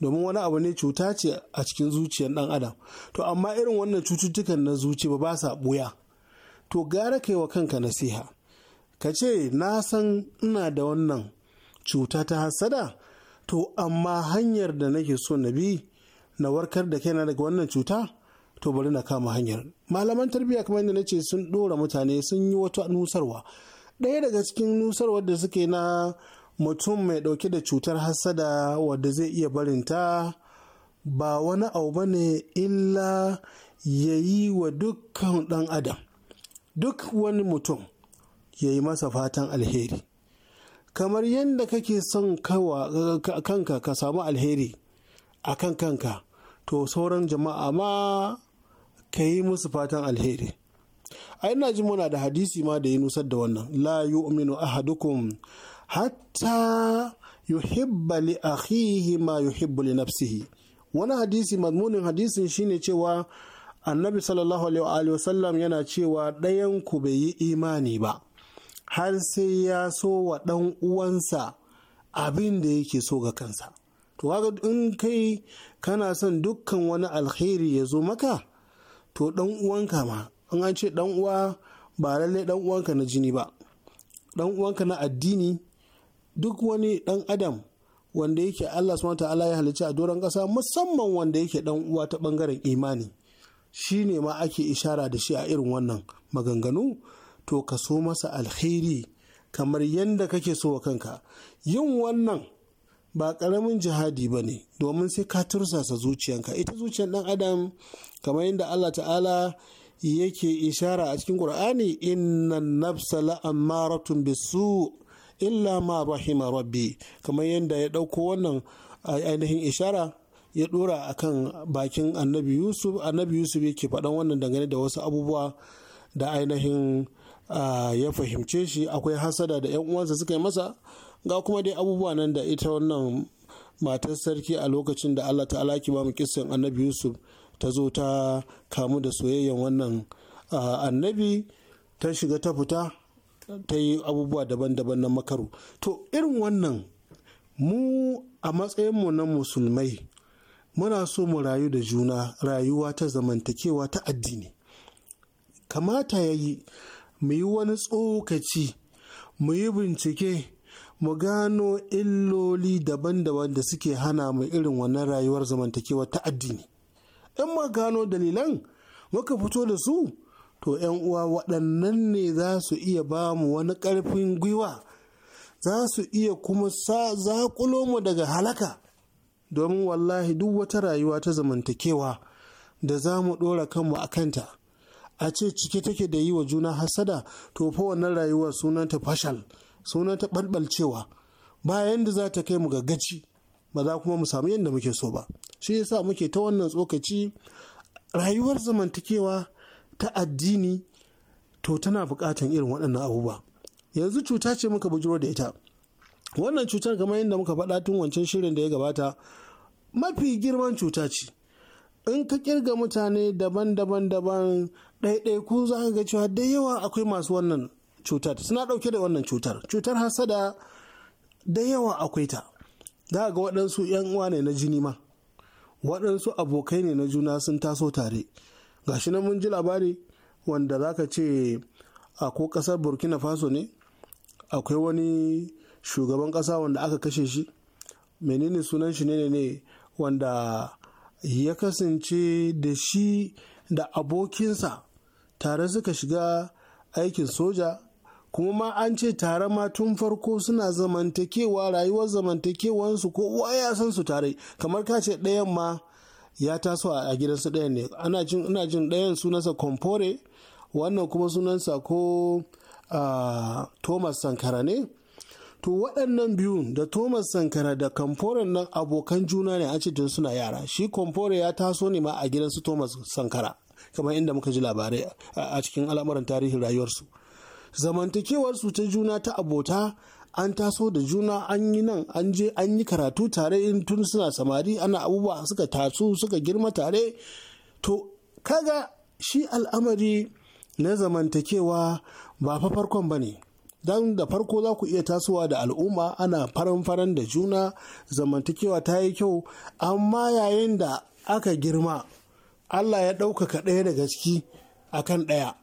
domin wani abu ne cuta ce a cikin zuciyar dan adam to amma irin wannan cututtukan na zuci ba ba sa buya to gara kai wa kanka nasiha ka ce na san ina da wannan cuta ta hasada to amma hanyar da nake so na bi na warkar da kaina daga wannan cuta to bari na kama hanyar malaman tarbiyya kamar yadda nace sun dora mutane sun yi wata nusarwa ɗaya daga cikin nusarwar da suke na mutum mai ɗauke da cutar hasada wadda zai iya barinta ba wani abu ba ne illa ya yi wa dukkan ɗan adam duk wani mutum ya yi masa fatan alheri kamar yadda kake son kanka ka samu alheri a kan kanka to sauran jama'a ma ka yi musu fatan alheri a ina ji muna da hadisi ma da ya nusar da wannan la yu'minu ahadukum hatta yuhibba li akhihi ma yuhibbu li nafsihi wani hadisi mazmunin hadisin shine cewa annabi sallallahu alaihi wasallam yana cewa ɗayan ku bai yi imani ba har sai ya so wa ɗan uwansa abin da yake so ga kansa to kaga in kai kana son dukkan wani alheri ya zo maka to ɗan uwanka ma in an ce ɗan uwa ba lallai ɗan uwanka na jini ba ɗan uwanka na addini duk wani ɗan adam wanda yake Allah subhanahu ta'ala ya halicci a doron ƙasa musamman wanda yake ɗan uwa ta ɓangaren imani shi ne ma ake ishara da shi a irin wannan maganganu to ka so masa alheri kamar yadda kake so wa kanka yin wannan ba karamin jihadi ba ne domin sai ka tursasa zuciyanka ita zuciyar dan adam kamar yadda allah ta'ala yake ishara a cikin qur'ani inna nafsa la'ammaratun bisu illa ma rahima rabbi kamar yadda ya dauko wannan ainihin ishara ya dora a kan bakin annabi yusuf annabi yusuf yake faɗan wannan dangane da wasu abubuwa da ainihin Ah, ya fahimce shi akwai hasada da 'yan uwansa suka yi masa ga kuma dai abubuwa nan da ita wannan matar sarki a lokacin da allah ta'ala ki ba mu kisan annabi yusuf ta zo ta kamu da soyayyan wannan ah, annabi ta shiga ta fita ta yi abubuwa daban-daban na makaru to irin wannan mu a matsayinmu na musulmai muna so mu rayu da juna rayuwa ta zamantakewa ta addini kamata ya yi mu yi wani tsokaci mu yi bincike mu gano illoli daban-daban da suke hana mu irin wannan rayuwar zamantakewa ta addini in ma gano dalilan muka fito da su to 'yan uwa waɗannan ne za su iya ba mu wani ƙarfin gwiwa za su iya kuma zaƙulo mu daga halaka domin wallahi duk wata rayuwa ta zamantakewa da za mu ɗora kanmu a kanta a ce cike take da yi wa juna hasada to fa wannan rayuwar ta fashal sunan ta balbalcewa bayan da za ta kai mu ga gaci ba za kuma mu samu yadda muke so ba shi yasa muke ta wannan tsokaci rayuwar zamantakewa ta addini to tana bukatan irin waɗannan abubuwa yanzu cuta ce muka bujiro da ita wannan cutar kamar yadda muka faɗa tun wancan shirin da ya gabata mafi girman cuta ce in ka kirga mutane daban-daban daban ɗaiɗaiku za ka ga cewa da yawa akwai masu wannan cutar suna ɗauke da wannan cutar cutar hasada da yawa akwai ta za ga waɗansu 'yan uwa ne na jini ma waɗansu abokai ne na juna sun taso tare gashi nan mun ji labari wanda za ka ce a ko ƙasar burkina faso ne akwai wani shugaban ƙasa wanda aka kashe shi menene sunan shi ne ne wanda ya kasance da shi da abokinsa tare suka shiga aikin soja kuma ma an ce tare ma tun farko suna zamantakewa rayuwar zamantakewansu uwa ya san su tare kamar ka ce ɗayan ma ya taso a gidansu ɗayan ne ana jin ɗayan sunansa compore wannan kuma sunansa ko uh, thomas sankara ne to waɗannan biyu da thomas sankara da kamfore nan abokan juna ne a ce tun suna yara shi kamfore ya taso ne ma a gidan su thomas sankara kamar inda muka ji labarai a cikin al'amuran tarihin rayuwarsu zamantakewarsu ta juna ta abota an taso da juna an yi nan an je an yi karatu tare in tun suna samari ana abubuwa suka tasu suka girma tare to kaga shi al'amari na zamantakewa ba fa farkon ba ne don da farko za ku iya tasowa da al'umma ana faran-faran da juna zamantakewa ta yi kyau amma yayin da aka girma allah ya ɗaukaka ɗaya daga ciki akan ɗaya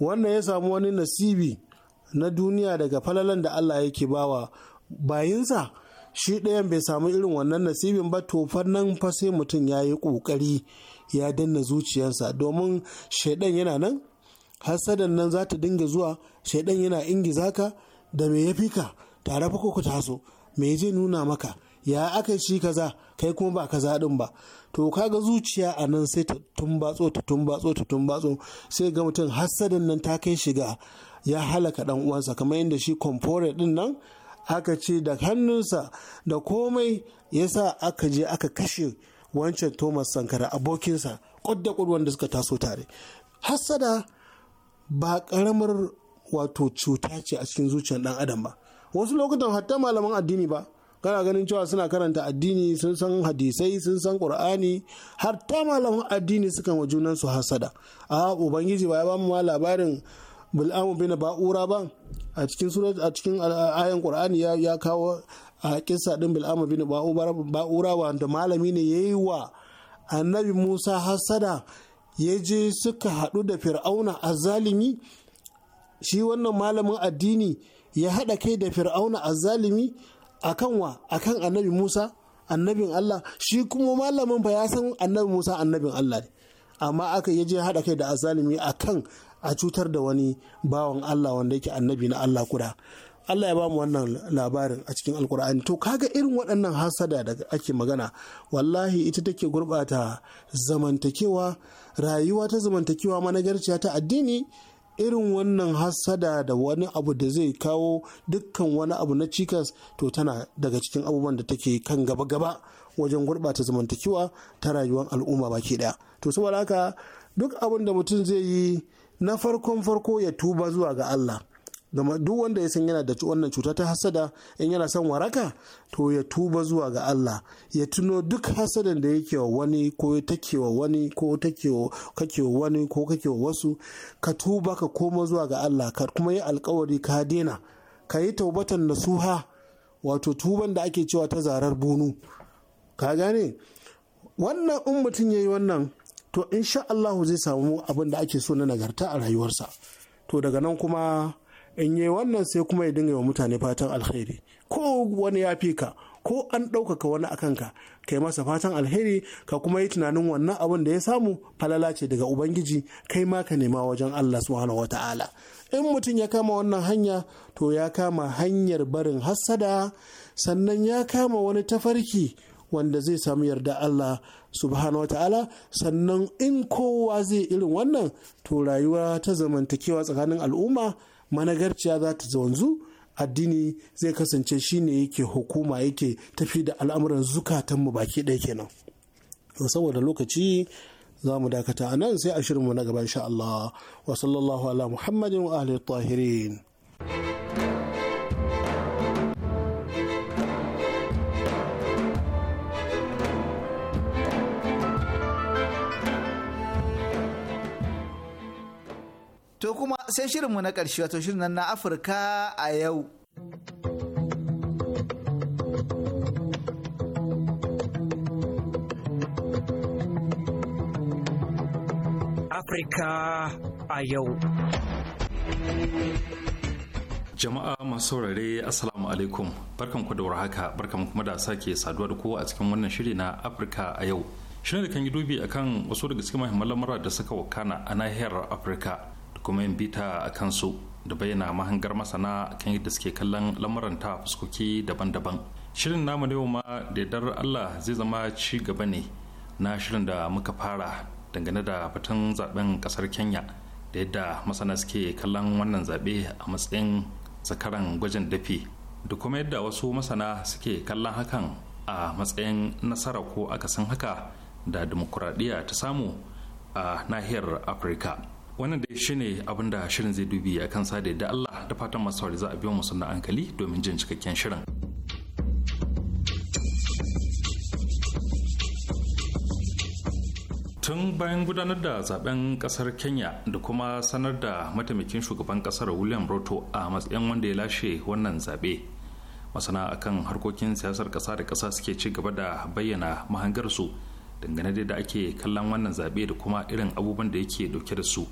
wannan ya samu wani nasibi na duniya daga falalan da allah yake bawa bayinsa shi ɗayan bai samu irin wannan nasibin ba to nan fa sai mutum ya yi ƙoƙari ya danna zuciyarsa domin shaidan yana nan hasadan nan za ta dinga zuwa shaidan yana ingiza ka da me ya fika tare fa ku taso me zai nuna maka ya aka shi kaza kai kuma ba kaza din ba to kaga zuciya a nan sai ta tumbatso ta tumbatso ta tumbatso sai ga mutum hasadan nan ta kai shiga ya halaka dan uwansa kamar yadda shi komfore din nan aka ce da hannunsa da komai ya sa aka je aka kashe wancan Thomas Sankara abokinsa kudda wanda suka taso tare hassada ba karamar wato cuta ce a cikin zuciyar ɗan adam ba wasu lokutan hatta malaman addini ba kana ganin cewa suna karanta addini sun san hadisai sun san qur'ani har ta malaman addini sukan wa junan su hasada a ubangiji ba ya ba mu labarin bil'amu bin ba'ura ba a cikin sura a cikin ayan qur'ani ya kawo a kissa din bil'amu bin ba'ura wanda malami ne yayi wa annabi Musa hasada ya je suka haɗu da fir'auna a zalimi shi wannan malamin addini ya haɗa kai da fir'auna a zalimi a kan wa a kan annabi musa annabin allah shi kuma malamin ba ya san annabi musa annabin allah ne amma aka yaje haɗa kai da azalimi a kan a cutar da wani bawan allah wanda yake annabi na allah kuda Allah ya ba mu wannan labarin a cikin alkur'ani to kaga irin waɗannan hasada da ake magana wallahi ita take gurɓata zamantakewa rayuwa ta zamantakewa managarciya ta addini irin wannan hassada da wani abu da zai kawo dukkan wani abu na cikas to tana daga cikin abubuwan da take kan gaba-gaba wajen gurɓata zamantakewa ta rayuwar al'umma baki ɗaya to saboda haka duk abin da mutum zai yi na farkon farko ya tuba zuwa ga Allah zama duk wanda ya san yana da wannan cuta ta hasada in yana son waraka to ya tuba zuwa ga Allah ya tuno duk hasadan da yake wa wani ko take wa wani ko take kake wa wani ko kake wa wasu ka tuba ka koma zuwa ga Allah ka kuma yi alkawari ka daina ka yi taubatan nasuha wato tuban da ake cewa ta zarar bunu ka gane wannan in mutum yayi wannan to insha Allahu zai samu abin da ake so na nagarta a rayuwarsa to daga nan kuma in yi wannan sai kuma ya dinga wa mutane fatan alheri ko wani ya fi ka ko an ɗaukaka wani a kanka ka yi masa fatan alheri ka kuma yi tunanin wannan abin da ya samu falala ce daga ubangiji kai ma ka nema wajen allah subhanahu wata'ala in mutum ya kama wannan hanya to ya kama hanyar barin hassada sannan ya kama wani tafarki wanda zai samu yarda Allah subhanahu wata'ala sannan in kowa zai irin wannan to rayuwa ta zamantakewa tsakanin al'umma managarciya za ta wanzu addini zai kasance shi ne yake hukuma yake tafi da al'amuran mu baki ɗaya kenan saboda lokaci za mu dakata a nan sai a shirinmu na gaba insha Allah wa sallallahu ala muhammadin wa ahli tahirin To kuma sai shirinmu na ƙarshe wato shirin nan na Afirka a yau. Afirka a yau. Jama'a masu saurare Assalamu alaikum barkan ku da warhaka barkan kuma da sake saduwa da kowa a cikin wannan shiri na Afirka a yau. Shirin da kan yi dubi akan wasu daga cikin mahimman lamura da suka wakana a nahiyar Afirka kuma yin bita a kansu da bayyana mahangar masana kan yadda suke kallon lamuran ta fuskoki daban-daban shirin namu ma da dar allah zai zama ci gaba ne na shirin da muka fara dangane da batun zaben kasar kenya da yadda masana suke kallon wannan zaɓe a matsayin zakaran gwajin dafi da kuma yadda wasu masana suke kallon hakan a matsayin nasara ko akasin haka da dimokuraɗiyya ta samu a nahiyar afirka wannan dai shine abin da shirin zai dubi a kan sada da Allah da fatan masu saurari za a biyo musu na hankali domin jin cikakken shirin tun bayan gudanar da zaben kasar kenya da kuma sanar da mataimakin shugaban kasar william roto a matsayin wanda ya lashe wannan zaɓe masana akan harkokin siyasar kasa da kasa suke ci gaba da bayyana mahangarsu dangane da ake kallon wannan zaɓe da kuma irin abubuwan da yake dauke da su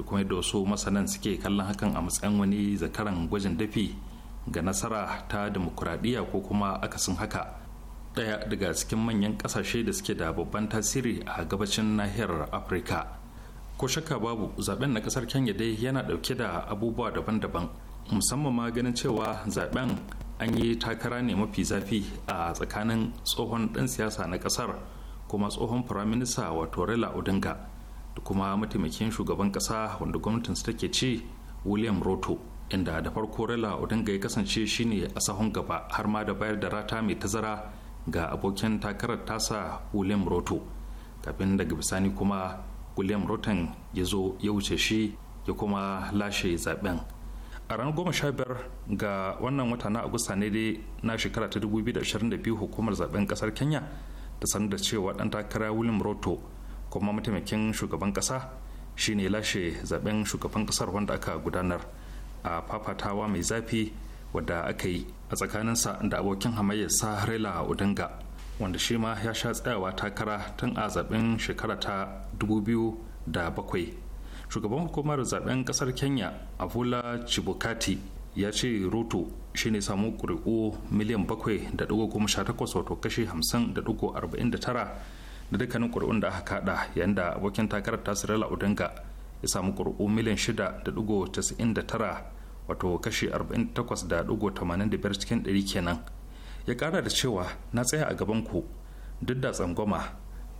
da kuma yadda wasu masanan suke kallon hakan a matsayin wani zakaran gwajin dafi ga nasara ta demokuraɗiyya ko kuma akasin haka ɗaya daga cikin manyan ƙasashe da suke da babban tasiri a gabacin nahiyar afirka ko shakka babu zaben na ƙasar kenya dai yana ɗauke da abubuwa daban-daban musamman ma ganin cewa zaben an yi takara ne mafi zafi a tsakanin tsohon ɗan siyasa na ƙasar kuma tsohon firaminista wato rela odinga kuma mataimakin shugaban kasa wanda su take ci william roto inda da farko rela odinga ya kasance shine a sahun gaba har ma da bayar da rata mai tazara ga abokin takarar tasa william roto kafin daga bisani kuma william roton ya zo ya wuce shi ya kuma lashe zaben a ranar goma sha biyar ga wannan wata na agusta ne dai na shekara ta 2022 hukumar zaben kasar kenya ta sanar da cewa dan takara william roto kuma mataimakin shugaban kasa shine lashe zaben shugaban kasar wanda aka gudanar a fafatawa mai zafi wadda aka yi a tsakaninsa da abokin hamayyarsa raila odinga wanda shi ma ya sha tsayawa takara tun a zaben shekara ta 2007 shugaban hukumar zaben kasar kenya abula chibukati ya ce ruto shine samu ƙuri'u miliyan 7.18 wato kashi 50.49 da dukkanin ƙuri'un da aka kada yayin da abokin takarar tasirala odinga ya samu ƙuri'u miliyan 6.99 wato kashi 48.85 cikin 100 kenan ya ƙara da cewa na tsaya a gaban ku duk da tsangwama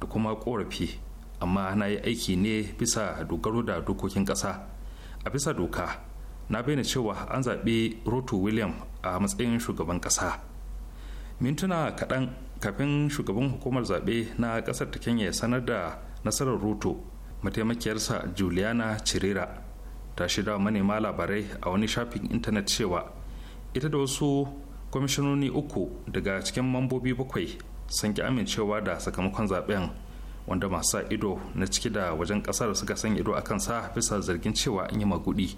da kuma korafi amma na yi aiki ne bisa dogaro da dokokin ƙasa a bisa doka na bayyana cewa an zaɓi roto william a matsayin shugaban ƙasa mintuna kaɗan kafin shugaban hukumar zaɓe na ƙasar ta kenya ya sanar da nasarar ruto mataimakiyarsa juliana cirera ta shida manema labarai a wani shafin intanet cewa ita da wasu kwamishinoni uku daga cikin mambobi bakwai sun ki amincewa da sakamakon zaben wanda masu ido na ciki da wajen kasar suka san ido a kansa bisa zargin cewa an yi magudi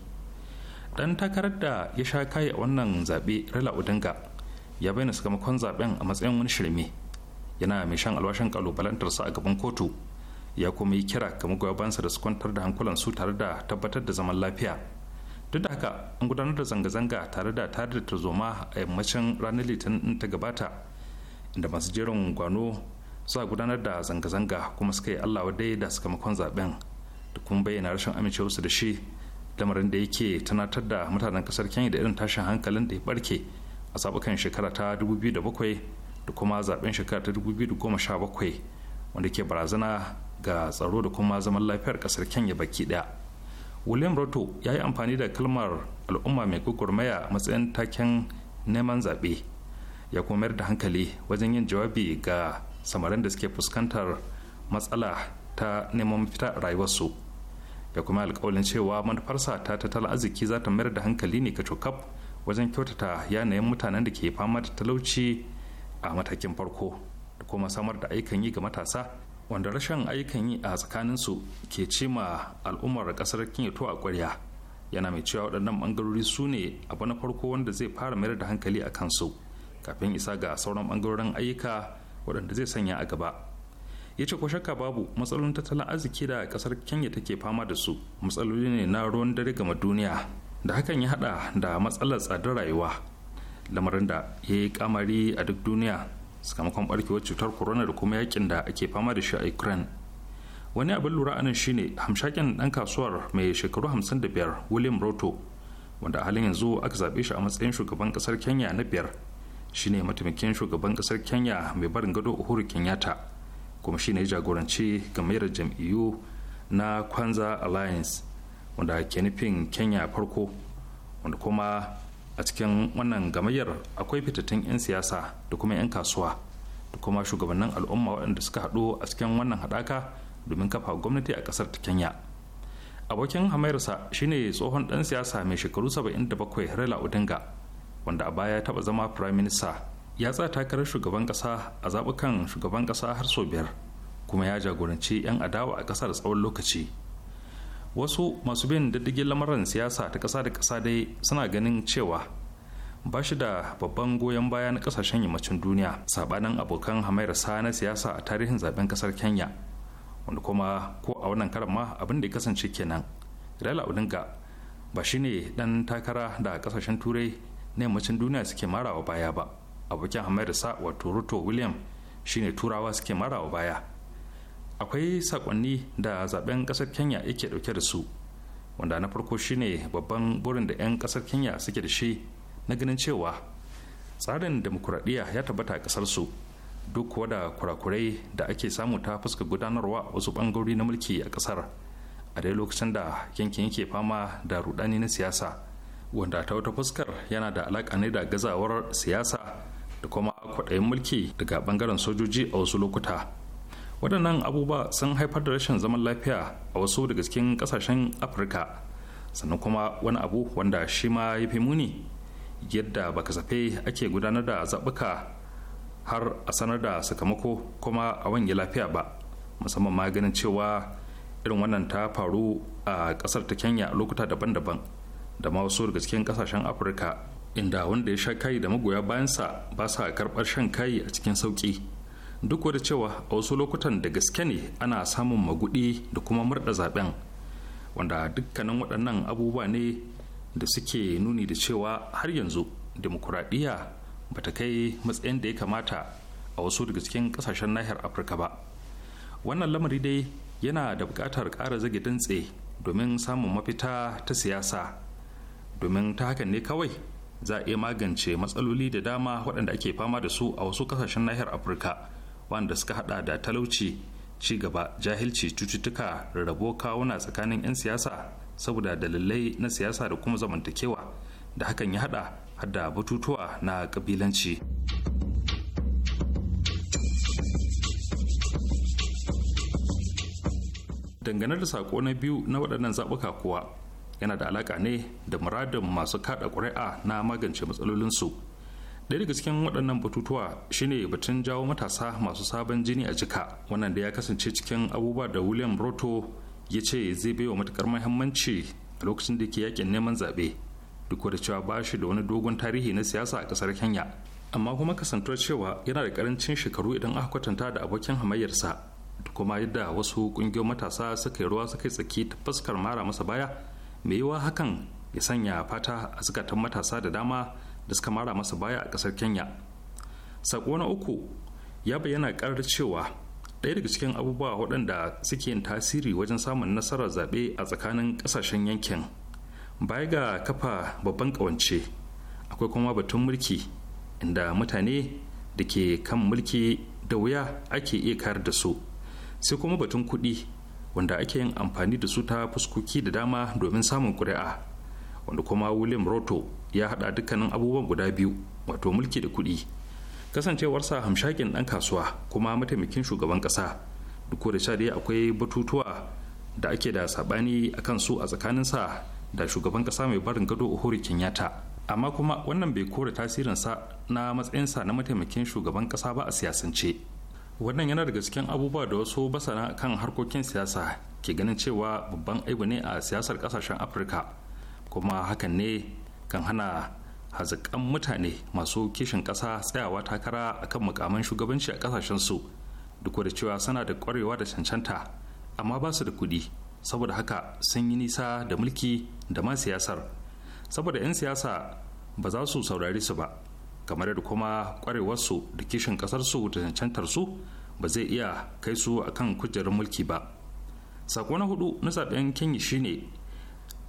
dan takarar da ya sha kai a wannan zaɓe rala udinga. ya bayyana sakamakon zaben a matsayin wani shirme yana mai shan alwashin sa a gaban kotu ya kuma yi kira ga magoyabansa da su kwantar da su tare da tabbatar da zaman lafiya duk da haka an gudanar da zanga-zanga tare da tare da tarzoma a yammacin ranar litinin ta gabata inda masu jerin gwano suka gudanar da zanga-zanga kuma suka yi allawa dai da sakamakon zaben da kuma bayyana rashin amincewarsu da shi lamarin da yake tunatar da mutanen kasar kenya da irin tashin hankalin da ya barke a zaɓukan shekara ta 2007 da kuma zaben shekara ta 2017 wanda ke barazana ga tsaro da kuma zaman lafiyar kasar kenya baki ɗaya william roto ya yi amfani da kalmar al'umma mai gwagwarmaya a matsayin taken neman zaɓe ya kuma mayar da hankali wajen yin jawabi ga samarin da suke fuskantar matsala ta neman mafita a rayuwarsu ya kuma alkawalin cewa manufarsa ta tattalin arziki za ta mayar da hankali ne ka cokaf wajen kyautata yanayin mutanen da ke fama da talauci a matakin farko da kuma samar da aikan yi ga matasa wanda rashin aikan yi a tsakaninsu ke cima al'ummar kasar kinyato a ƙwarya yana mai cewa waɗannan ɓangarori su ne abu na farko wanda zai fara mayar da hankali a kansu kafin isa ga sauran ɓangarorin ayyuka waɗanda zai sanya a gaba ya ce ko shakka babu matsalolin tattalin arziki da ƙasar kenya take fama da su matsaloli ne na ruwan dare gama duniya da hakan ya hada da matsalar tsadar rayuwa lamarin da ya yi kamari a duk duniya sakamakon barkewar cutar corona da kuma yakin da ake fama da shi a ukraine wani abin lura anan shine hamshakin dan kasuwar mai shekaru 55 william roto wanda a halin yanzu aka zaɓe shi a matsayin shugaban ƙasar kenya na biyar shine mataimakin shugaban ƙasar kenya mai barin gado uhuru kenyatta kuma shine jagoranci gamayyar jam'iyyu na kwanza alliance wanda ke nufin kenya farko wanda kuma a cikin wannan gamayyar akwai fitattun 'yan siyasa da kuma 'yan kasuwa da kuma shugabannin al'umma waɗanda suka haɗu a cikin wannan haɗaka domin kafa gwamnati a ƙasar ta kenya abokin hamayarsa shine tsohon ɗan siyasa mai shekaru 77 raila odinga wanda a baya taɓa zama prime minister ya tsaya takarar shugaban ƙasa a zaɓukan shugaban ƙasa har sau biyar kuma ya jagoranci 'yan adawa a ƙasar tsawon lokaci wasu masu bin diddigin lamarin siyasa ta kasa da kasa dai suna ganin cewa ba shi da babban goyon baya na kasashen yammacin duniya sabanin abokan hamayarsa na siyasa a tarihin zaben kasar kenya wanda kuma ko a wannan karan ma abin da ya kasance kenan Raila Odinga ba shi ne dan takara da kasashen turai na yammacin duniya suke marawa baya ba abokin hamayarsa wato Ruto William shine turawa suke marawa baya akwai sakonni da zaben kasar kenya yake dauke da su wanda na farko shine babban burin da 'yan kasar kenya suke da shi na ganin cewa tsarin demokuraɗiyya ya tabbata a kasar su duk kuwa da kurakurai da ake samu ta fuska gudanarwa wasu bangarori na mulki a kasar a dai lokacin da yankin yake fama da rudani na siyasa wanda ta wata fuskar yana da alaƙa ne da gazawar siyasa da kuma kwaɗayin mulki daga bangaren sojoji a wasu lokuta waɗannan abubuwa sun haifar da rashin zaman lafiya a wasu daga cikin ƙasashen afirka sannan kuma wani abu wanda shi ma ya fi muni yadda ba kasafe ake gudanar da zaɓuka har a sanar da sakamako kuma a wange lafiya ba musamman ma ganin cewa irin wannan ta faru a ƙasar ta kenya lokuta daban-daban da ma wasu daga cikin ƙasashen afirka inda wanda ya sha kai da magoya bayansa ba sa karɓar shan kai a cikin sauƙi duk da cewa a wasu lokutan da gaske ne ana samun magudi da kuma murda zaben wanda dukkanin waɗannan abubuwa ne da suke nuni da cewa har yanzu demokuraɗiyya ba ta kai matsayin da ya kamata a wasu daga cikin ƙasashen nahiyar afirka ba wannan lamari dai yana da buƙatar ƙara zage dantse domin samun mafita ta siyasa domin ta hakan ne kawai za a iya magance matsaloli da dama waɗanda ake fama da su a wasu ƙasashen nahiyar afirka wanda suka hada da talauci ci gaba jahilci cututtuka rarrabo kawuna tsakanin 'yan siyasa saboda dalilai na siyasa da kuma zamantakewa da hakan ya hada da batutuwa na kabilanci. dangane da sako na biyu na waɗannan zaɓuka kuwa yana da alaƙa ne da muradin masu kaɗa ƙuri'a na magance matsalolinsu ɗaya daga cikin waɗannan batutuwa shine batun jawo matasa masu sabon jini a jika wannan da ya kasance cikin abubuwa da william roto ya ce zai bai wa matukar muhimmanci a lokacin da ke yakin neman zaɓe duk da cewa ba shi da wani dogon tarihi na siyasa a ƙasar kenya amma kuma kasantar cewa yana da ƙarancin shekaru idan aka kwatanta da abokin hamayyarsa da kuma yadda wasu ƙungiyoyin matasa suka yi ruwa suka yi tsaki ta fuskar mara masa baya mai yiwuwa hakan ya sanya fata a zukatan matasa da dama da suka mara masa baya a ƙasar kenya sako na uku ya bayyana karar cewa ɗaya daga cikin abubuwa waɗanda suke yin tasiri wajen samun nasarar zaɓe a tsakanin ƙasashen yankin baya ga kafa babban ƙawance akwai kuma batun mulki inda mutane da ke kan mulki da wuya ake iya kayar da su sai kuma batun kuɗi wanda ake yin amfani da su ta fuskoki da dama domin samun ƙuri'a wanda kuma william roto ya haɗa dukkanin abubuwan guda biyu wato mulki da kuɗi kasancewarsa hamshakin ɗan kasuwa kuma mataimakin shugaban ƙasa duk da sha akwai batutuwa da ake da sabani a kan su a tsakaninsa da shugaban ƙasa mai barin gado uhuru kenyatta amma kuma wannan bai kore tasirinsa na matsayinsa na mataimakin shugaban ƙasa ba a siyasance wannan yana daga cikin abubuwa da wasu basana kan harkokin siyasa ke ganin cewa babban aibu ne a siyasar kasashen afirka kuma hakan ne kan hana hazikan mutane masu kishin ƙasa tsayawa takara a kan mukaman shugabanci a ƙasashensu duk da cewa suna da ƙwarewa da cancanta amma ba su da kuɗi saboda haka sun yi nisa da mulki da ma siyasar saboda 'yan siyasa ba za su saurari su ba kamar da kuma ƙwarewarsu da kishin ƙasarsu da cancantarsu ba zai iya kai su akan kujerar mulki ba sako na hudu na zaben kenya shine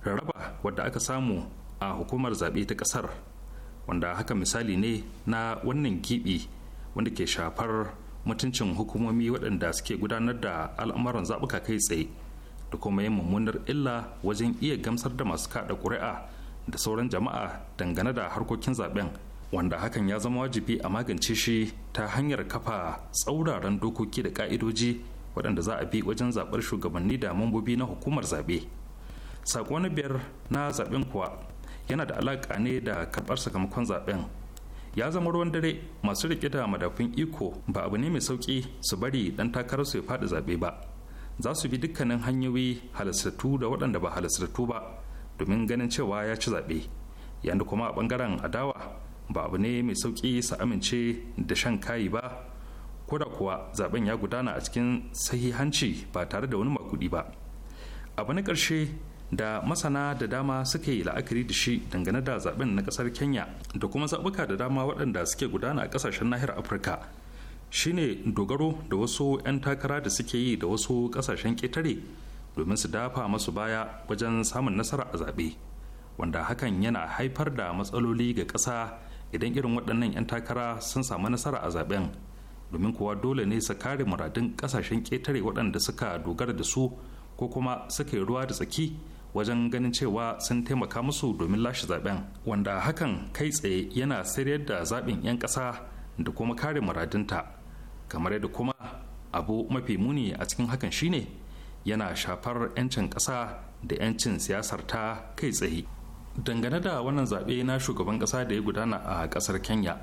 raraba wadda aka samu a hukumar zaɓe ta ƙasar wanda haka misali ne na wannan kibi wanda ke shafar mutuncin hukumomi waɗanda suke gudanar da al'amuran zaɓuka kai tsaye da kuma yin mummunar illa wajen iya gamsar da masu kaɗa ƙuri'a da sauran jama'a dangane da harkokin zaɓen wanda hakan ya zama wajibi a magance shi ta hanyar kafa tsauraran dokoki da ƙa'idoji waɗanda za a bi wajen zaɓar shugabanni da mambobi na hukumar zaɓe. Saƙo na biyar na zaɓen kuwa yana da alaƙa ne da karɓar sakamakon zaben ya zama ruwan dare masu riƙe da madafin iko ba abu ne mai sauƙi su bari ɗan takarar su ya faɗi zaɓe ba za su bi dukkanin hanyoyi halastattu da waɗanda ba halastattu ba domin ganin cewa ya ci zaɓe yanda kuma a ɓangaren adawa ba abu ne mai sauƙi su amince da shan kayi ba ko da kuwa zaɓen ya gudana a cikin sahihanci ba tare da wani makudi ba abu na ƙarshe da masana da dama suka yi la'akari da shi dangane da zaben na kasar kenya da kuma zaɓuka da dama waɗanda suke gudana a ƙasashen nahiyar afirka shine dogaro da wasu 'yan takara da suke yi da wasu ƙasashen ƙetare domin su dafa masu baya wajen samun nasara a zaɓe wanda hakan yana haifar da matsaloli ga ƙasa idan irin waɗannan 'yan takara sun samu nasara a zaben domin kuwa dole ne su kare muradun ƙasashen ƙetare waɗanda suka dogara da su ko kuma suka yi ruwa da tsaki wajen ganin cewa sun taimaka musu domin lashe zaben wanda hakan kai tsaye yana sayar da zaɓin 'yan ƙasa da kuma kare muradinta kamar yadda kuma abu mafi muni a cikin hakan shine yana shafar 'yancin ƙasa da 'yancin siyasar ta kai tsaye dangane da wannan zaɓe na shugaban ƙasa da ya gudana a ƙasar kenya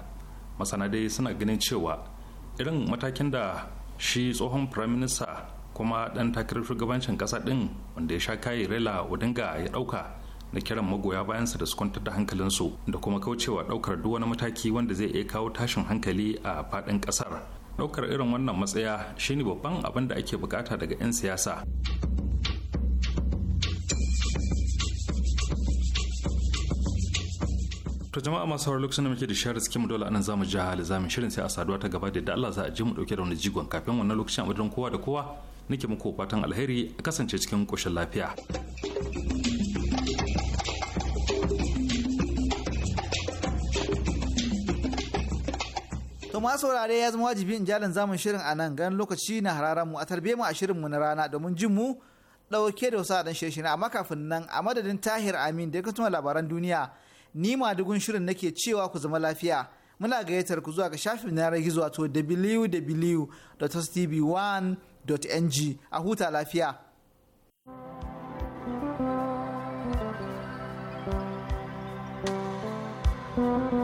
masana dai suna ganin cewa irin matakin da shi tsohon firaminista kuma dan takarar shugabancin kasa din wanda ya sha kayi rela odinga ya dauka na kiran magoya bayansa da su kwantar da hankalinsu da kuma kaucewa daukar duk wani mataki wanda zai iya kawo tashin hankali a fadin kasar daukar irin wannan matsaya shine babban abin da ake bukata daga 'yan siyasa to jama'a masu sauran lokacin da muke da shahar cikin dole anan zamu ji hali zamu shirin sai a saduwa ta gaba da Allah za a je mu dauke da wani jigon kafin wannan lokacin a kowa da kowa nake muku fatan alheri a kasance cikin ƙoshin lafiya. To ma saurare ya zama wajibi in jalin zamun shirin a nan gan lokaci na hararan mu a tarbe mu a shirin mu na rana domin jin mu dauke da wasu adan shirin amma kafin nan a madadin Tahir Amin da ya labaran duniya ni ma dugun shirin nake cewa ku zama lafiya muna gayyatar ku zuwa ga shafin na gizo wato www.tv1 ng a huta lafiya. thank you